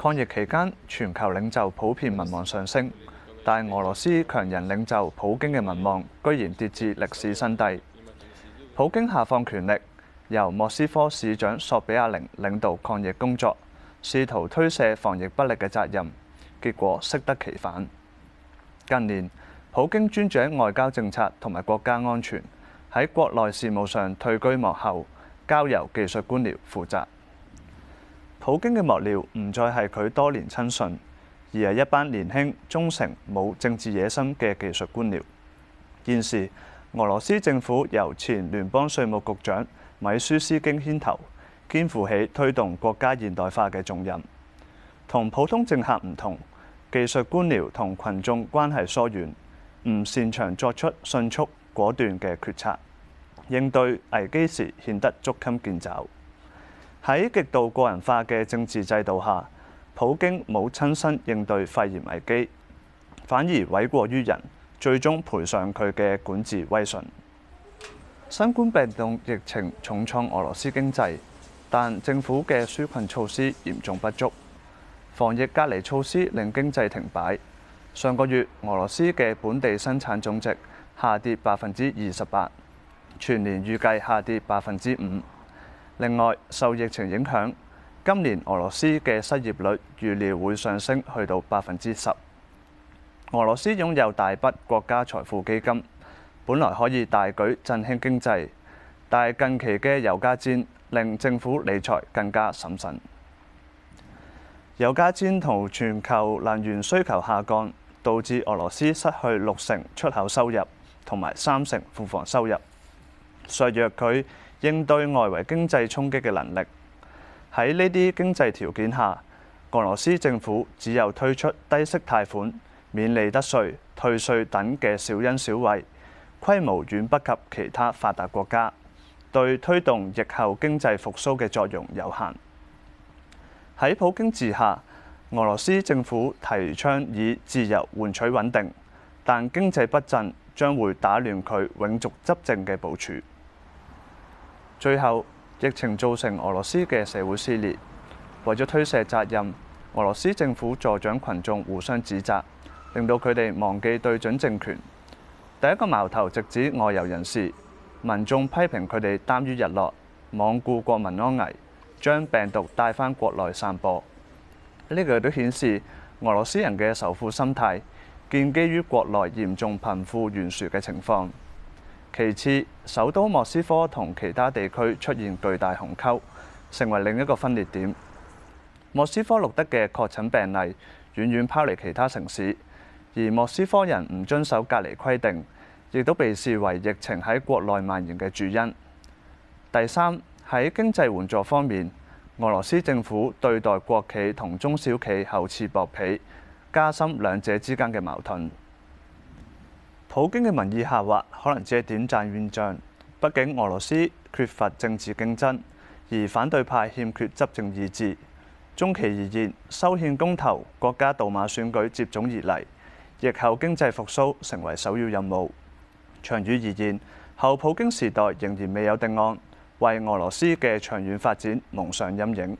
抗疫期間，全球領袖普遍民望上升，但俄羅斯強人領袖普京嘅民望居然跌至歷史新低。普京下放權力，由莫斯科市長索比亞寧領導抗疫工作，試圖推卸防疫不力嘅責任，結果適得其反。近年，普京專掌外交政策同埋國家安全，喺國內事務上退居幕後，交由技術官僚負責。普京嘅幕僚唔再係佢多年親信，而係一班年輕、忠誠、冇政治野心嘅技術官僚。現時俄羅斯政府由前聯邦稅務局長米舒斯京牽頭，肩負起推動國家現代化嘅重任。同普通政客唔同，技術官僚同群眾關係疏遠，唔擅長作出迅速果斷嘅決策，應對危機時顯得捉襟見肘。喺極度個人化嘅政治制度下，普京冇親身應對肺炎危機，反而委過於人，最終賠上佢嘅管治威信。新冠病毒疫情重創俄羅斯經濟，但政府嘅紓困措施嚴重不足，防疫隔離措施令經濟停擺。上個月俄羅斯嘅本地生產總值下跌百分之二十八，全年預計下跌百分之五。另外，受疫情影響，今年俄羅斯嘅失業率預料會上升，去到百分之十。俄羅斯擁有大筆國家財富基金，本來可以大舉振興經濟，但近期嘅油價戰令政府理財更加審慎。油價戰同全球能源需求下降，導致俄羅斯失去六成出口收入同埋三成庫房收入，削弱佢應對外圍經濟衝擊嘅能力。喺呢啲經濟條件下，俄羅斯政府只有推出低息貸款、免利得稅、退稅等嘅小恩小惠，規模遠不及其他發達國家，對推動疫後經濟復甦嘅作用有限。喺普京治下，俄羅斯政府提倡以自由換取穩定，但經濟不振將會打亂佢永續執政嘅部署。最後，疫情造成俄羅斯嘅社會撕裂。為咗推卸責任，俄羅斯政府助長群眾互相指責，令到佢哋忘記對準政權。第一個矛頭直指外遊人士，民眾批評佢哋耽於日落，罔顧國民安危，將病毒帶返國內散播。呢個都顯示俄羅斯人嘅仇富心態，建基於國內嚴重貧富懸殊嘅情況。其次，首都莫斯科同其他地區出現巨大鴻溝，成為另一個分裂點。莫斯科錄得嘅確診病例遠遠拋離其他城市，而莫斯科人唔遵守隔離規定，亦都被視為疫情喺國內蔓延嘅主因。第三，喺經濟援助方面，俄羅斯政府對待國企同中小企厚此薄彼，加深兩者之間嘅矛盾。普京嘅民意下滑可能只係短暫現象，畢竟俄羅斯缺乏政治競爭，而反對派欠缺執政意志。中期而言，修憲公投、國家杜馬選舉接踵而嚟，疫後經濟復甦成為首要任務。長遠而言，後普京時代仍然未有定案，為俄羅斯嘅長遠發展蒙上陰影。